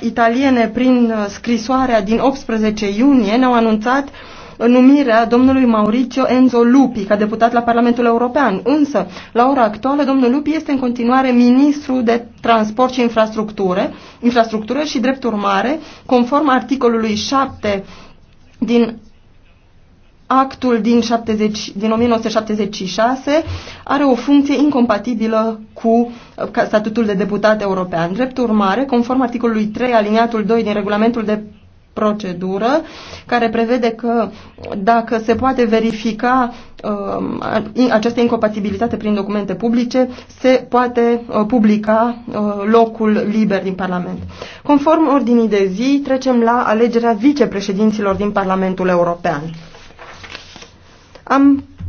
italiene prin uh, scrisoarea din 18 iunie ne-au anunțat numirea domnului Mauricio Enzo Lupi ca deputat la Parlamentul European. Însă, la ora actuală, domnul Lupi este în continuare ministru de transport și infrastructură, infrastructură și, drept urmare, conform articolului 7 din actul din, 70, din 1976 are o funcție incompatibilă cu uh, statutul de deputat european. Drept urmare, conform articolului 3 aliniatul 2 din regulamentul de procedură care prevede că dacă se poate verifica uh, această incompatibilitate prin documente publice, se poate uh, publica uh, locul liber din Parlament. Conform ordinii de zi, trecem la alegerea vicepreședinților din Parlamentul European. Am